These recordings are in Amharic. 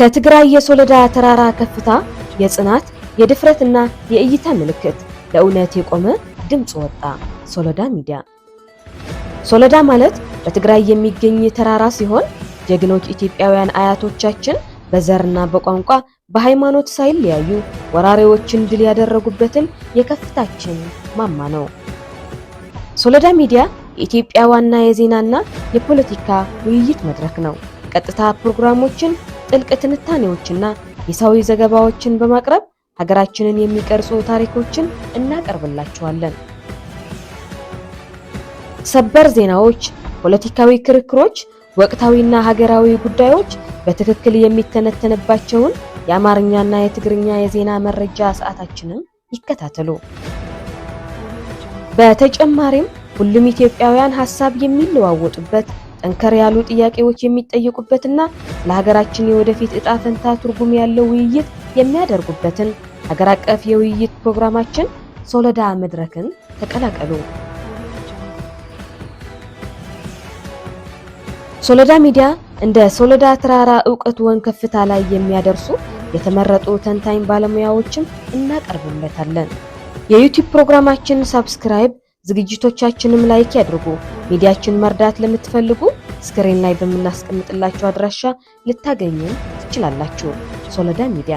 ከትግራይ የሶለዳ ተራራ ከፍታ የጽናት የድፍረትና የእይታ ምልክት ለእውነት የቆመ ድምፅ ወጣ። ሶለዳ ሚዲያ። ሶለዳ ማለት በትግራይ የሚገኝ ተራራ ሲሆን ጀግኖች ኢትዮጵያውያን አያቶቻችን በዘርና በቋንቋ በሃይማኖት ሳይለያዩ ወራሪዎችን ድል ያደረጉበትም የከፍታችን ማማ ነው። ሶለዳ ሚዲያ የኢትዮጵያ ዋና የዜናና የፖለቲካ ውይይት መድረክ ነው። ቀጥታ ፕሮግራሞችን ጥልቅ ትንታኔዎችና የሳዊ ዘገባዎችን በማቅረብ ሀገራችንን የሚቀርጹ ታሪኮችን እናቀርብላችኋለን። ሰበር ዜናዎች፣ ፖለቲካዊ ክርክሮች፣ ወቅታዊና ሀገራዊ ጉዳዮች በትክክል የሚተነተንባቸውን የአማርኛና የትግርኛ የዜና መረጃ ሰዓታችንን ይከታተሉ። በተጨማሪም ሁሉም ኢትዮጵያውያን ሀሳብ የሚለዋወጡበት ጠንከር ያሉ ጥያቄዎች የሚጠየቁበትና ለሀገራችን የወደፊት እጣ ፈንታ ትርጉም ያለው ውይይት የሚያደርጉበትን ሀገር አቀፍ የውይይት ፕሮግራማችን ሶለዳ መድረክን ተቀላቀሉ። ሶለዳ ሚዲያ እንደ ሶለዳ ተራራ እውቀት ወን ከፍታ ላይ የሚያደርሱ የተመረጡ ተንታኝ ባለሙያዎችን እናቀርብለታለን። የዩቲዩብ ፕሮግራማችን ሰብስክራይብ ዝግጅቶቻችንም ላይክ ያድርጉ። ሚዲያችን መርዳት ለምትፈልጉ ስክሪን ላይ በምናስቀምጥላችሁ አድራሻ ልታገኙ ትችላላችሁ። ሶለዳ ሚዲያ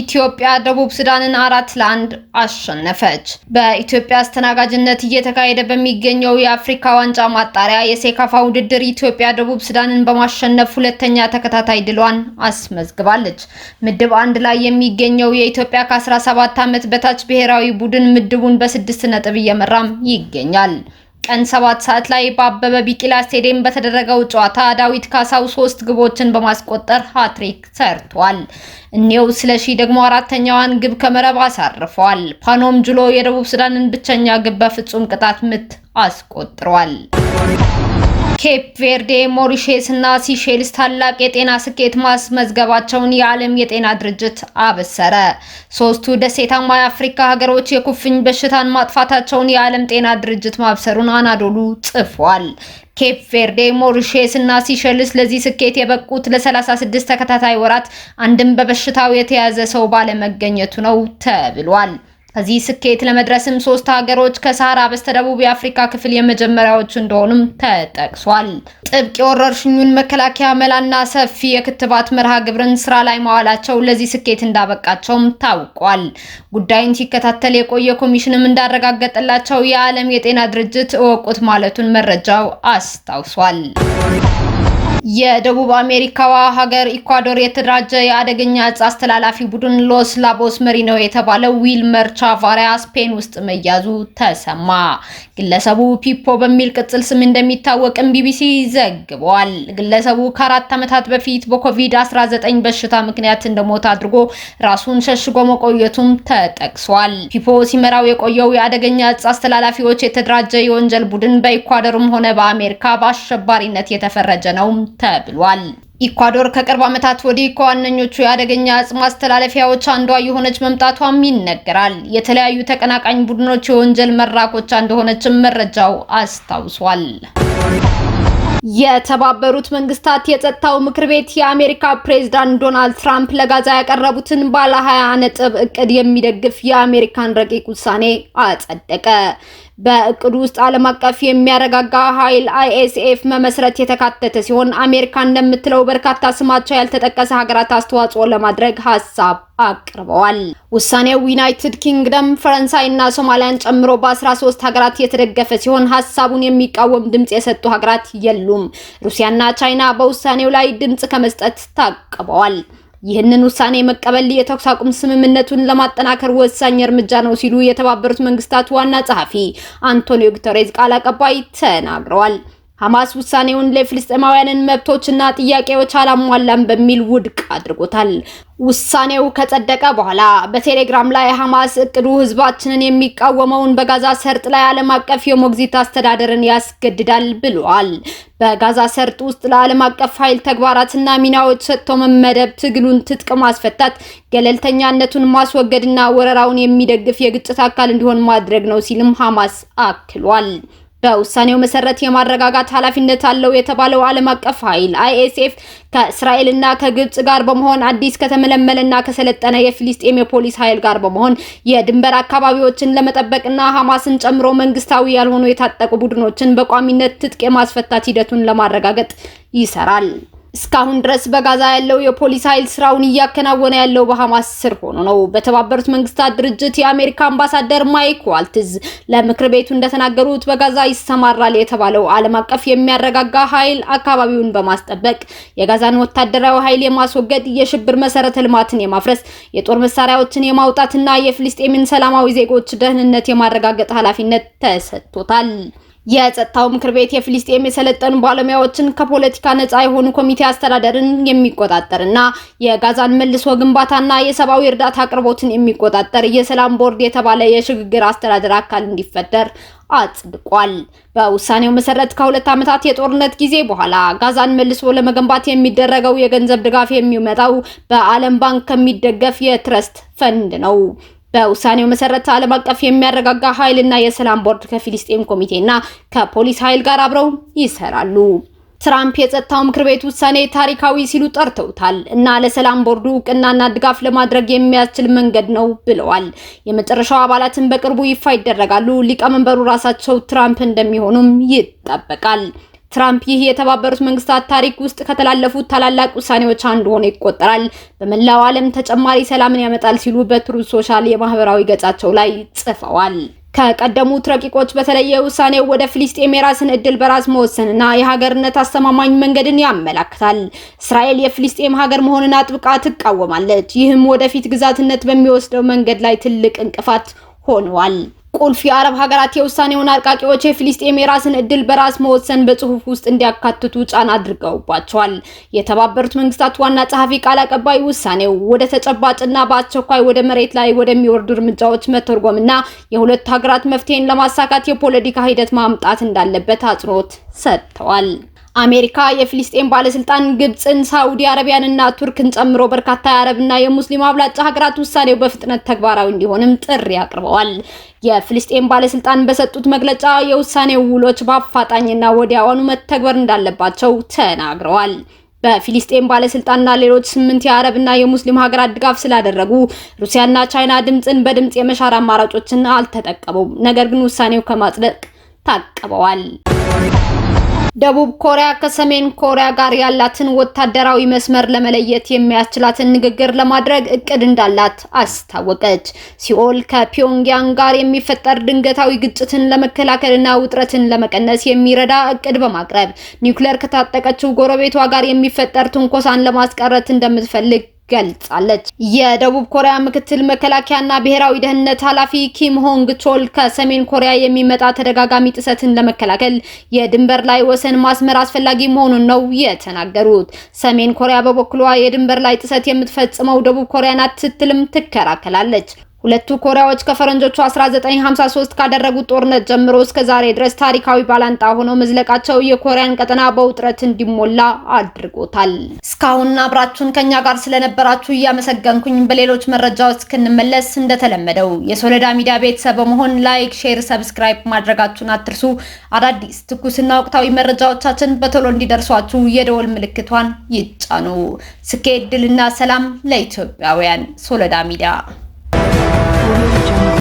ኢትዮጵያ ደቡብ ሱዳንን አራት ለአንድ አሸነፈች። በኢትዮጵያ አስተናጋጅነት እየተካሄደ በሚገኘው የአፍሪካ ዋንጫ ማጣሪያ የሴካፋ ውድድር ኢትዮጵያ ደቡብ ሱዳንን በማሸነፍ ሁለተኛ ተከታታይ ድሏን አስመዝግባለች። ምድብ አንድ ላይ የሚገኘው የኢትዮጵያ ከ17 ዓመት በታች ብሔራዊ ቡድን ምድቡን በስድስት ነጥብ እየመራም ይገኛል። ቀን ሰባት ሰዓት ላይ በአበበ ቢቂላ ስቴዲየም በተደረገው ጨዋታ ዳዊት ካሳው ሶስት ግቦችን በማስቆጠር ሀትሪክ ሰርቷል። እኔው ስለሺ ደግሞ አራተኛዋን ግብ ከመረብ አሳርፏል። ፓኖም ጁሎ የደቡብ ሱዳንን ብቸኛ ግብ በፍጹም ቅጣት ምት አስቆጥሯል። ኬፕ ቬርዴ፣ ሞሪሼስ እና ሲሼልስ ታላቅ የጤና ስኬት ማስመዝገባቸውን የዓለም የጤና ድርጅት አበሰረ። ሶስቱ ደሴታማ የአፍሪካ ሀገሮች የኩፍኝ በሽታን ማጥፋታቸውን የዓለም ጤና ድርጅት ማብሰሩን አናዶሉ ጽፏል። ኬፕ ቬርዴ፣ ሞሪሼስ እና ሲሸልስ ለዚህ ስኬት የበቁት ለ36 ተከታታይ ወራት አንድም በበሽታው የተያዘ ሰው ባለመገኘቱ ነው ተብሏል። ከዚህ ስኬት ለመድረስም ሶስት ሀገሮች ከሳህራ በስተደቡብ የአፍሪካ ክፍል የመጀመሪያዎች እንደሆኑም ተጠቅሷል። ጥብቅ የወረርሽኙን መከላከያ መላና ሰፊ የክትባት መርሃ ግብርን ስራ ላይ ማዋላቸው ለዚህ ስኬት እንዳበቃቸውም ታውቋል። ጉዳይን ሲከታተል የቆየ ኮሚሽንም እንዳረጋገጠላቸው የዓለም የጤና ድርጅት እወቁት ማለቱን መረጃው አስታውሷል። የደቡብ አሜሪካዋ ሀገር ኢኳዶር የተደራጀ የአደገኛ እጽ አስተላላፊ ቡድን ሎስ ላቦስ መሪ ነው የተባለው ዊልመር ቻቫሪያ ስፔን ውስጥ መያዙ ተሰማ። ግለሰቡ ፒፖ በሚል ቅጽል ስም እንደሚታወቅም ቢቢሲ ዘግቧል። ግለሰቡ ከአራት ዓመታት በፊት በኮቪድ-19 በሽታ ምክንያት እንደሞት አድርጎ ራሱን ሸሽጎ መቆየቱም ተጠቅሷል። ፒፖ ሲመራው የቆየው የአደገኛ እጽ አስተላላፊዎች የተደራጀ የወንጀል ቡድን በኢኳዶርም ሆነ በአሜሪካ በአሸባሪነት የተፈረጀ ነው ተብሏል። ኢኳዶር ከቅርብ ዓመታት ወዲህ ከዋነኞቹ የአደገኛ እጽ ማስተላለፊያዎች አንዷ የሆነች መምጣቷም ይነገራል። የተለያዩ ተቀናቃኝ ቡድኖች የወንጀል መራኮቻ እንደሆነችም መረጃው አስታውሷል። የተባበሩት መንግስታት የጸጥታው ምክር ቤት የአሜሪካ ፕሬዝዳንት ዶናልድ ትራምፕ ለጋዛ ያቀረቡትን ባለ 20 ነጥብ እቅድ የሚደግፍ የአሜሪካን ረቂቅ ውሳኔ አጸደቀ። በእቅዱ ውስጥ ዓለም አቀፍ የሚያረጋጋ ኃይል አይኤስኤፍ መመስረት የተካተተ ሲሆን አሜሪካ እንደምትለው በርካታ ስማቸው ያልተጠቀሰ ሀገራት አስተዋጽኦ ለማድረግ ሀሳብ አቅርበዋል። ውሳኔው ዩናይትድ ኪንግደም፣ ፈረንሳይ እና ሶማሊያን ጨምሮ በ13 ሀገራት የተደገፈ ሲሆን ሀሳቡን የሚቃወም ድምጽ የሰጡ ሀገራት የሉም። ሩሲያና ቻይና በውሳኔው ላይ ድምጽ ከመስጠት ታቅበዋል። ይህንን ውሳኔ መቀበል የተኩስ አቁም ስምምነቱን ለማጠናከር ወሳኝ እርምጃ ነው ሲሉ የተባበሩት መንግስታት ዋና ጸሐፊ አንቶኒዮ ጉተሬዝ ቃል አቀባይ ተናግረዋል። ሐማስ ውሳኔውን ለፍልስጤማውያንን መብቶችና ጥያቄዎች አላሟላም በሚል ውድቅ አድርጎታል። ውሳኔው ከጸደቀ በኋላ በቴሌግራም ላይ ሐማስ እቅዱ ህዝባችንን የሚቃወመውን በጋዛ ሰርጥ ላይ ዓለም አቀፍ የሞግዚት አስተዳደርን ያስገድዳል ብሏል። በጋዛ ሰርጥ ውስጥ ለዓለም አቀፍ ኃይል ተግባራትና ሚናዎች ሰጥቶ መመደብ፣ ትግሉን ትጥቅ ማስፈታት፣ ገለልተኛነቱን ማስወገድና ወረራውን የሚደግፍ የግጭት አካል እንዲሆን ማድረግ ነው ሲልም ሐማስ አክሏል። በውሳኔው መሰረት የማረጋጋት ኃላፊነት አለው የተባለው ዓለም አቀፍ ኃይል አይኤስኤፍ ከእስራኤልና ከግብጽ ጋር በመሆን አዲስ ከተመለመለና ከሰለጠነ የፊሊስጤም የፖሊስ ኃይል ጋር በመሆን የድንበር አካባቢዎችን ለመጠበቅና ሐማስን ጨምሮ መንግስታዊ ያልሆኑ የታጠቁ ቡድኖችን በቋሚነት ትጥቅ የማስፈታት ሂደቱን ለማረጋገጥ ይሰራል። እስካሁን ድረስ በጋዛ ያለው የፖሊስ ኃይል ስራውን እያከናወነ ያለው በሐማስ ስር ሆኖ ነው። በተባበሩት መንግስታት ድርጅት የአሜሪካ አምባሳደር ማይክ ዋልትዝ ለምክር ቤቱ እንደተናገሩት በጋዛ ይሰማራል የተባለው ዓለም አቀፍ የሚያረጋጋ ኃይል አካባቢውን በማስጠበቅ የጋዛን ወታደራዊ ኃይል የማስወገድ፣ የሽብር መሰረተ ልማትን የማፍረስ፣ የጦር መሳሪያዎችን የማውጣትና የፍልስጤምን ሰላማዊ ዜጎች ደህንነት የማረጋገጥ ኃላፊነት ተሰጥቶታል። የጸጥታው ምክር ቤት የፊልስጤም የሰለጠኑ ባለሙያዎችን ከፖለቲካ ነጻ የሆኑ ኮሚቴ አስተዳደርን የሚቆጣጠርና የጋዛን መልሶ ግንባታና የሰብአዊ እርዳታ አቅርቦትን የሚቆጣጠር የሰላም ቦርድ የተባለ የሽግግር አስተዳደር አካል እንዲፈጠር አጽድቋል። በውሳኔው መሰረት ከሁለት ዓመታት የጦርነት ጊዜ በኋላ ጋዛን መልሶ ለመገንባት የሚደረገው የገንዘብ ድጋፍ የሚመጣው በዓለም ባንክ ከሚደገፍ የትረስት ፈንድ ነው። በውሳኔው መሰረት ዓለም አቀፍ የሚያረጋጋ ኃይልና የሰላም ቦርድ ከፊሊስጤም ኮሚቴና ከፖሊስ ኃይል ጋር አብረው ይሰራሉ። ትራምፕ የጸጥታው ምክር ቤት ውሳኔ ታሪካዊ ሲሉ ጠርተውታል እና ለሰላም ቦርዱ እውቅናና ድጋፍ ለማድረግ የሚያስችል መንገድ ነው ብለዋል። የመጨረሻው አባላትን በቅርቡ ይፋ ይደረጋሉ። ሊቀመንበሩ ራሳቸው ትራምፕ እንደሚሆኑም ይጠበቃል። ትራምፕ ይህ የተባበሩት መንግስታት ታሪክ ውስጥ ከተላለፉት ታላላቅ ውሳኔዎች አንዱ ሆኖ ይቆጠራል። በመላው ዓለም ተጨማሪ ሰላምን ያመጣል ሲሉ በትሩዝ ሶሻል የማህበራዊ ገጻቸው ላይ ጽፈዋል። ከቀደሙት ረቂቆች በተለየ ውሳኔው ወደ ፍልስጤም የራስን እድል በራስ መወሰንና የሀገርነት አስተማማኝ መንገድን ያመላክታል። እስራኤል የፍልስጤም ሀገር መሆንን አጥብቃ ትቃወማለች። ይህም ወደፊት ግዛትነት በሚወስደው መንገድ ላይ ትልቅ እንቅፋት ሆኗል። ቁልፍ የአረብ ሀገራት የውሳኔውን አርቃቂዎች የፊሊስጤም የራስን እድል በራስ መወሰን በጽሁፍ ውስጥ እንዲያካትቱ ጫና አድርገውባቸዋል። የተባበሩት መንግስታት ዋና ጸሐፊ ቃል አቀባይ ውሳኔው ወደ ተጨባጭና በአስቸኳይ ወደ መሬት ላይ ወደሚወርዱ እርምጃዎች መተርጎምና የሁለት ሀገራት መፍትሄን ለማሳካት የፖለቲካ ሂደት ማምጣት እንዳለበት አጽንኦት ሰጥተዋል። አሜሪካ የፊልስጤን ባለስልጣን ግብፅን፣ ሳዑዲ አረቢያንና ቱርክን ጨምሮ በርካታ የአረብና የሙስሊም አብላጫ ሀገራት ውሳኔው በፍጥነት ተግባራዊ እንዲሆንም ጥሪ አቅርበዋል። የፊልስጤን ባለስልጣን በሰጡት መግለጫ የውሳኔው ውሎች በአፋጣኝና ወዲያውኑ መተግበር እንዳለባቸው ተናግረዋል። በፊልስጤን ባለስልጣንና ሌሎች ስምንት የአረብና የሙስሊም ሀገራት ድጋፍ ስላደረጉ ሩሲያና ቻይና ድምፅን በድምፅ የመሻር አማራጮችን አልተጠቀሙም። ነገር ግን ውሳኔው ከማጽደቅ ታቅበዋል። ደቡብ ኮሪያ ከሰሜን ኮሪያ ጋር ያላትን ወታደራዊ መስመር ለመለየት የሚያስችላትን ንግግር ለማድረግ እቅድ እንዳላት አስታወቀች። ሲኦል ከፒዮንግያንግ ጋር የሚፈጠር ድንገታዊ ግጭትን ለመከላከልና ውጥረትን ለመቀነስ የሚረዳ እቅድ በማቅረብ ኒውክሌር ከታጠቀችው ጎረቤቷ ጋር የሚፈጠር ትንኮሳን ለማስቀረት እንደምትፈልግ ገልጻለች። የደቡብ ኮሪያ ምክትል መከላከያና ብሔራዊ ደህንነት ኃላፊ ኪም ሆንግ ቾል ከሰሜን ኮሪያ የሚመጣ ተደጋጋሚ ጥሰትን ለመከላከል የድንበር ላይ ወሰን ማስመር አስፈላጊ መሆኑን ነው የተናገሩት። ሰሜን ኮሪያ በበኩሏ የድንበር ላይ ጥሰት የምትፈጽመው ደቡብ ኮሪያ ናት ስትልም ትከራከላለች። ሁለቱ ኮሪያዎች ከፈረንጆቹ 1953 ካደረጉት ጦርነት ጀምሮ እስከ ዛሬ ድረስ ታሪካዊ ባላንጣ ሆነው መዝለቃቸው የኮሪያን ቀጠና በውጥረት እንዲሞላ አድርጎታል። እስካሁን አብራችሁን ከኛ ጋር ስለነበራችሁ እያመሰገንኩኝ በሌሎች መረጃዎች እስክንመለስ እንደተለመደው የሶለዳ ሚዲያ ቤተሰብ በመሆን ላይክ፣ ሼር፣ ሰብስክራይብ ማድረጋችሁን አትርሱ። አዳዲስ ትኩስና ወቅታዊ መረጃዎቻችን በቶሎ እንዲደርሷችሁ የደወል ምልክቷን ይጫኑ። ስኬት፣ ድልና ሰላም ለኢትዮጵያውያን። ሶለዳ ሚዲያ 我有一张。